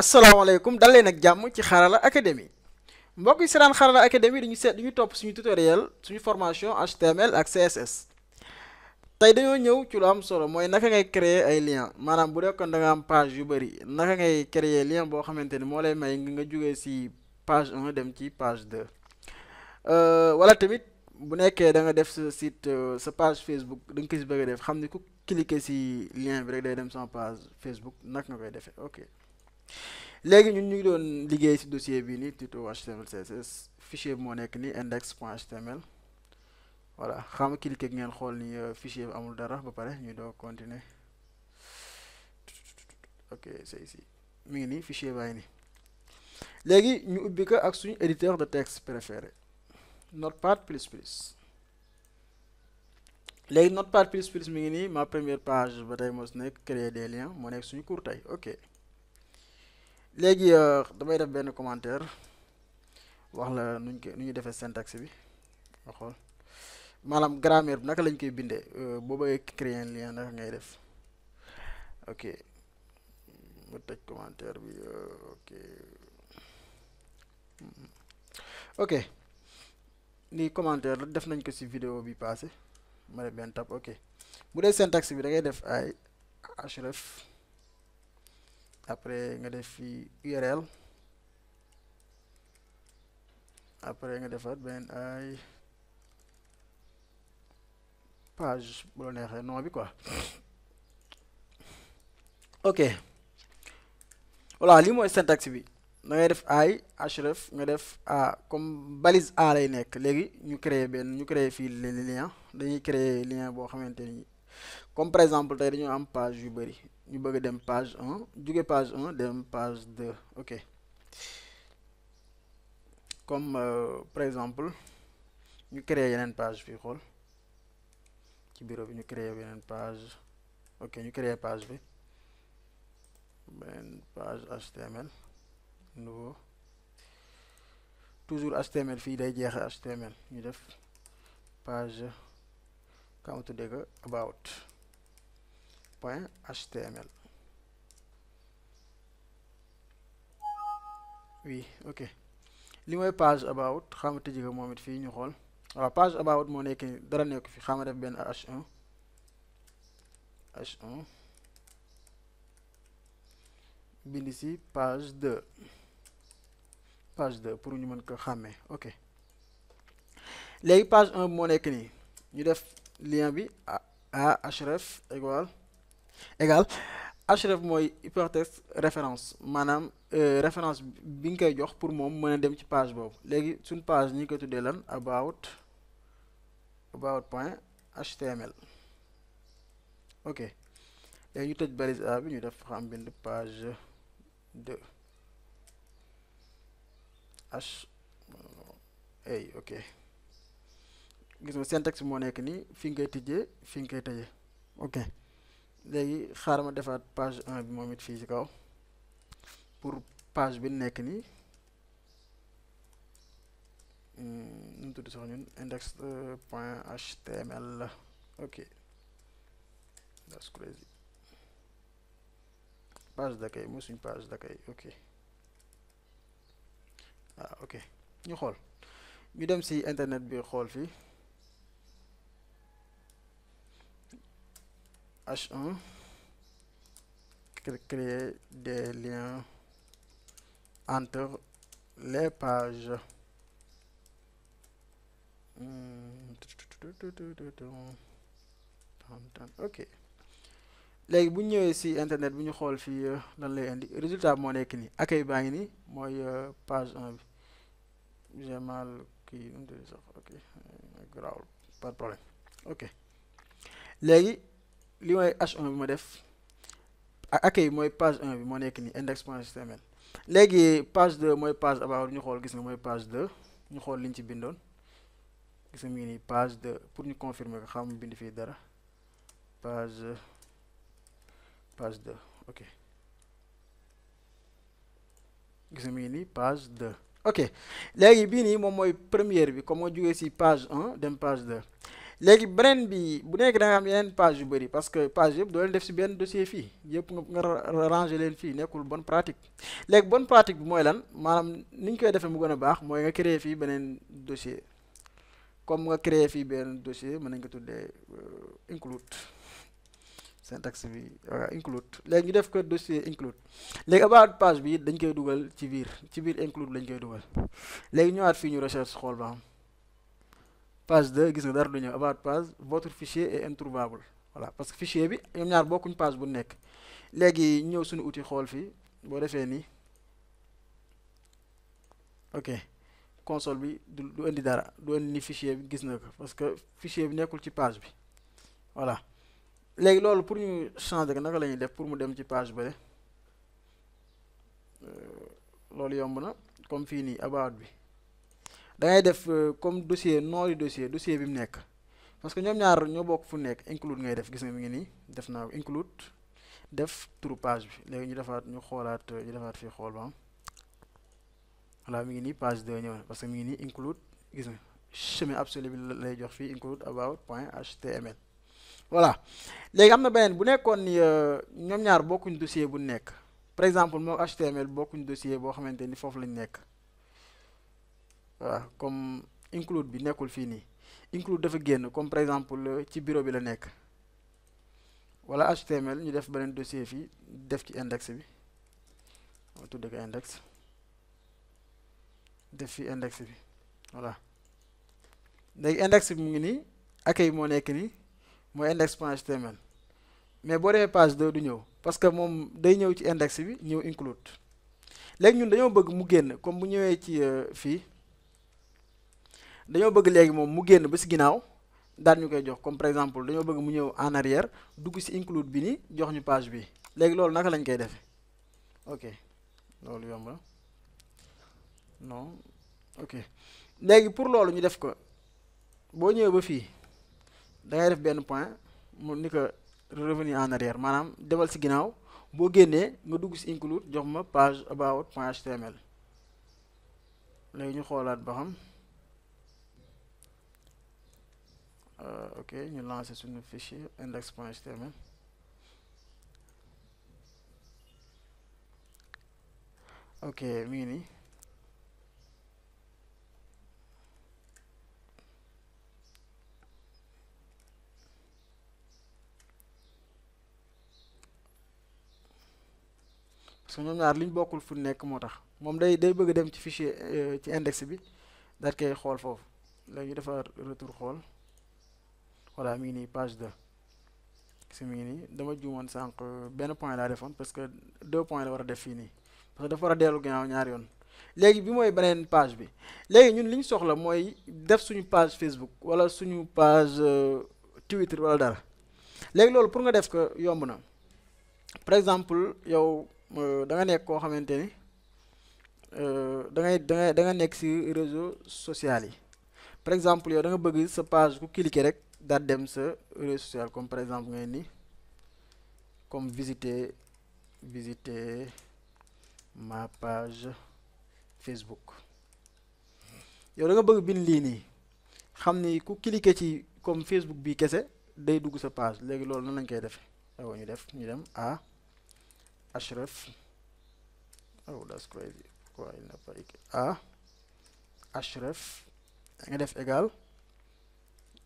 asalaamaaleykum dal leen nag jàmm ci xaarala académie mbokk yi si daan xarala académie dañu seet dañu topp suñu tutoriel suñu formation HTML ak CSS tey dañoo ñëw ci lu am solo mooy naka ngay créer ay lien maanaam bu dekkoon da nga am page yu bëri naka ngay créer lien boo xamante ni moo lay may nga jógee si page 1 dem ci page 2 euh, wala tamit bu nekkee da nga def sa sit euh, sa page Facebook da nga ko si bëgg def xam ni ku cliquer si lien bi rek day dem sama page Facebook naka nga koy defee ok. léegi ñun ñu ngi doon liggéey ci dossier bii nii tuto html css fichier bi moo nekk ni index point html voilà xam cliqué ngeen xool ni euh, fichier bi amul dara ba pare ñu doo continuer ok c'est ngi nii fichier baa ni nii léegi ñu ubbi ko ak suñu éditeur de texte préféré notepad plus plus léegi notepad plus plus mi ngi nii ma première page ba tey mos nekk créer des lien moo nekk suñu cours tey léegi euh, damay def benn commentaire wax la nuñ ko nu ñuy defee syntaxe bi nga grammaire bi naka lañ koy bindee euh, boo bëggee créer lien naka ngay def ok mu tëj commentaire bi euh, ok hmm. ok ni commentaire la def nañ ko ci vidéo bi passé ma def benn tab ok bu dee syntaxe bi da ngay def ay href après nga def fi url après nga defaat benn ay page bu la neexee nom bi quoi ok voilà li mooy syntaxe bi da ngay def ay href nga def a comme balise a lay nekk léegi ñu créer benn ñu créer fii lien dañuy créer lien boo xamante ni comme par exemple tey dañoo am page yu bëri ñu bëgg dem page un jóge page un dem page deux ok comme euh, par exemple ñu créer yeneen page fii xool ci bureau bi ñu créer yeneen page ok ñu créer page bi beneen page HTML nouveau toujours HTML fii day jeexe HTML ñu def page kamu tuddee ko about point html oui ok li mooy page about xama tëji ko moom it fii ñu xool waaw page about moo nekk dara nekk fi xama def benn h1 h1 bind si page 2 page 2 pour ñu mën ko xàmmee ok léegi page 1 moo nekk nii ñu def lien bi ahref égale égal href mooy hypertexte référence maanaam euh, référence bi nga koy jox pour moom mën a dem ci page boobu léegi suñ page ñi koy tuddee lan about about point html ok léegi ñu tëj balise a bi ñu def xam bind page 2 h ok gis nga syntaxe moo nekk nii fi nga koy tijjee fi nga koy tëjee ok léegi xaaral ma defaat page un bi moom it fii ci kaw pour page bi nekk nii hmm, nu mu tudd sax ñun index euh, point html la ok that's crazy page d'accueil mooy suñ page d'accueil ok ah ok ñu xool ñu dem si internet bi xool fii H1 créer des liens entre les pages. Hmm. ok léegi bu ñu ñëwee si internet bu ñu xool fii euh, lan lay indi résultat moo nekk nii accueil baa ngi nii mooy euh, page 1 bi j'ai mal kii sax ok euh, grawul pas de problème ok léegi li mooy H1 bi ma def accueil mooy page 1 bi moo nekk nii index.html léegi page 2 mooy page about ñu xool gis nga mooy page 2 ñu xool liñ ci bindoon gis nga mu ngi nii page 2 pour ñu confirmer ko xam bind fii dara page page 2 ok gis nga mu ngi nii page 2 ok léegi bii nii moom mooy première bi comme moo jugee si page 1 dem page 2 léegi beneen bi bu nekk da am yeneen page yu bari parce que page yëpp doo leen def si benn dossier fii yëpp nga nga ranger leen fii nekkul bon pratique léegi bonne pratique bi mooy lan maanaam ni ñu koy defee mu gën a baax mooy nga créer fii beneen dossier comme nga créer fii benn dossier mën nañ ko tuddee euh, include syntaxe bi include léegi ñu def ko dossier include léegi about page bi dañ koy dugal ci biir ci biir include lañ koy dugal léegi ñëwaat fii ñu recherche xool ba page 2 gis nga dara du ñëw about page votre fichier est introuvable voilà parce que fichier bi ñoom ñaar bokkuñ page bu nekk léegi ñëw suñu outil xool fii boo defee nii ok console bi du indi dara du indi ni fichier bi gis na ko parce que fichier bi nekkul ci page bi voilà léegi loolu pour ñu changer ko naka lañuy def pour mu dem ci page bële euh, loolu yomb na comme fii nii about bi da ngay def euh, comme dossier noori dossier dossier bi mu nekk parce que ñoom ñaar ñoo bokk fu nekk include ngay def gis nga mi ngi nii def naa ko include def turu page bi léegi ñu defaat ñu xoolaat euh, ñu defaat fii xool ba am mi ngi nii page 2 ñëw parce que mi ngi nii include gis nga chemin absolu bi lay jox fii include about point html voilà léegi am na beneen bu nekkoon ni euh, ñoom ñaar bokkuñ dossier bu nekk par exemple moom html bokkuñ dossier boo xamante ni foofu lañ nekk waaw comme include bi nekkul fii nii include dafa génn comme par exemple euh, ci bureau bi la nekk wala HTML ñu def beneen dossier fii def ci index bi ma tudde index def fi index bi voilà léegi index bi mu ngi nii accueil moo nekk nii mooy index point HTML mais boo demee page 2 du ñëw parce que moom day ñëw ci index bi ñëw include léegi ñun dañoo bëgg mu génn comme bu ñëwee ci euh, fii dañoo bëgg léegi moom mu génn ba si ginnaaw daal ñu koy jox comme par exemple dañoo bëgg mu ñëw en arrière dugg si include bi ni jox ñu page bi léegi loolu naka lañ koy def ok loolu yomb na non ok léegi pour loolu ñu def ko boo ñëwee ba fii dangay def benn point mu ni ko revenu en arrière maanaam demal si ginnaaw boo génnee nga dugg si include jox ma page about point html léegi ñu xoolaat ba xam. Euh, ok ñu lancer suñu fichier index.html ok mi ngi nii parce que ñoom liñ bokkul fu nekk moo tax moom day day bëgg dem ci fichier euh, ci index bi daal koy xool foofu léegi ñu retour xool voilà mi ngi nii page 2 gis mi ngi nii dama juumoon sànq benn point laa defoon parce que deux points la war a def fii nii parce que dafa war a dellu ginnaaw ñaari yoon léegi bi mooy beneen page bi léegi ñun li ñu soxla mooy def suñu page Facebook wala suñu page euh, Twitter wala dara léegi loolu pour nga def ko yomb na par exemple yow euh, da nga nekk koo xamante ni euh, da ngay da da nga nekk si réseau social yi par exemple yow da nga bëgg sa page ku cliquer rek daal dem sa réseau social comme par exemple ngay ni comme visité visiter ma page Facebook yow da nga bëgg bind lii nii xam ni ku cliquer ci comme Facebook bi kese day dugg sa page léegi loolu nan lañ koy defee aw ñu def ñu dem a href oh that's crazy pourquoi a nga def égal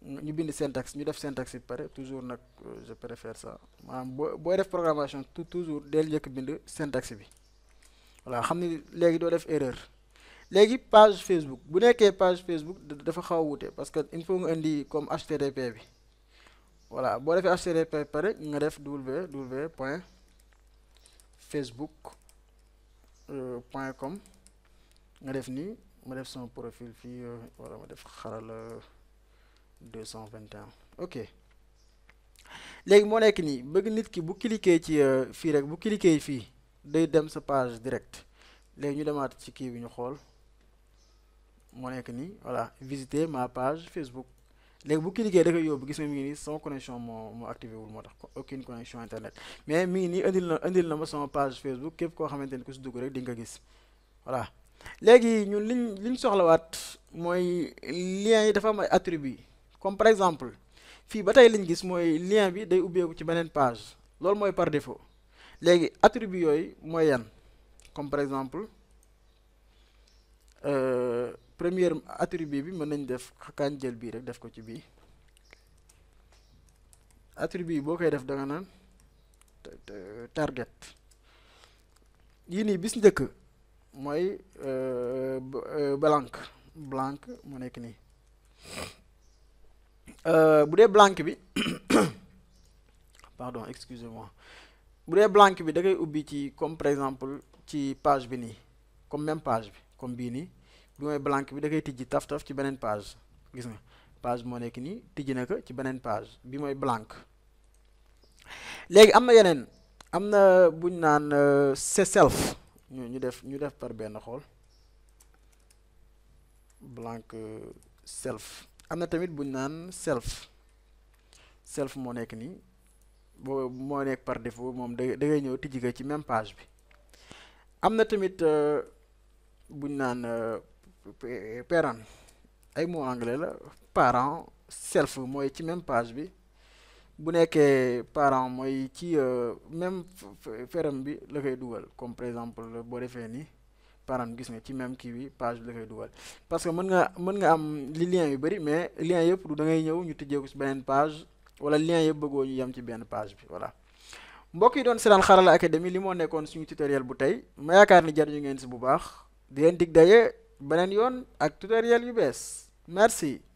ñu bind syntaxe ñu def syntaxe bi pare toujours nag euh, je préfère ça maanaam boo booy def programmation toujours del njëkk bind syntaxe bi voilà xam ni léegi doo def erreur léegi page Facebook bu nekkee page Facebook dafa xaw a parce que il faut nga indi comme HTTP bi voilà boo defee HTTP pare nga def www point facebook euh, point comme nga def nii ma def sama profil fii euh, wala ma def xarala. 221 ok léegi moo nekk nii bëgg nit ki bu cliquer ci euh, fii rek bu cliquer fii day dem sa page direct léegi ñu demaat ci kii bi ñu xool moo nekk nii voilà visiter ma page Facebook léegi bu cliquer da koy yóbbu gis nga mi ngi nii sama connexion moo moo activé wul moo tax aucune connexion internet mais mi ngi nii indi na indil na ma sama page Facebook képp koo xamante ni ku si dugg rek di nga gis voilà léegi ñun liñ liñ soxlawaat mooy lien yi dafa am ay comme par exemple fii ba tey lañ gis mooy lien bi day ubbeeku ci beneen page loolu mooy par défaut léegi attribut yooyu mooy yan comme par exemple euh, premier attribut bi mën nañ def xakaan jël bii rek def ko ci bii attribut yi boo koy def da nga naan target yii nii bis njëkk mooy euh, euh, blank blank moo nekk nii Euh, bu dee blank bi pardon excusez-moi bu dee blank bi da ngay ubbi ci comme par exemple ci page bi nii comme même page bi comme bii nii bi mooy blank bi da ngay tijji taf taf ci beneen page gis nga page moo nekk nii tijji na ci beneen page bi mooy blank léegi am na yeneen am na buñ naan euh, c'est self ñu ñu def ñu def par benn xool blank euh, self am na tamit bu ñu naan self self moo nekk nii boo moo nekk par défaut moom da dangay ñëw tijji ko ci même page bi am na tamit euh, bu ñu naan euh, parent ay mots anglais la parent self mooy ci même page bi bu nekkee parent mooy ci euh, même ferem bi la koy dugal comme par exemple boo defee nii. param gis nga ci même kii bi page bi la koy dugal parce que mën nga mën nga am li lien yu bëri mais lien yëpp du dangay ñëw ñu tijjee ko si beneen page wala lien yëpp bëggoo ñu yem ci benn page bi voilà. mbokk yi doon seetaan Xarala Academy li moo nekkoon suñu tutoriel bu tey ma yaakaar ni jariñu ngeen si bu baax di leen dig daje beneen yoon ak tutoriel yu bees merci.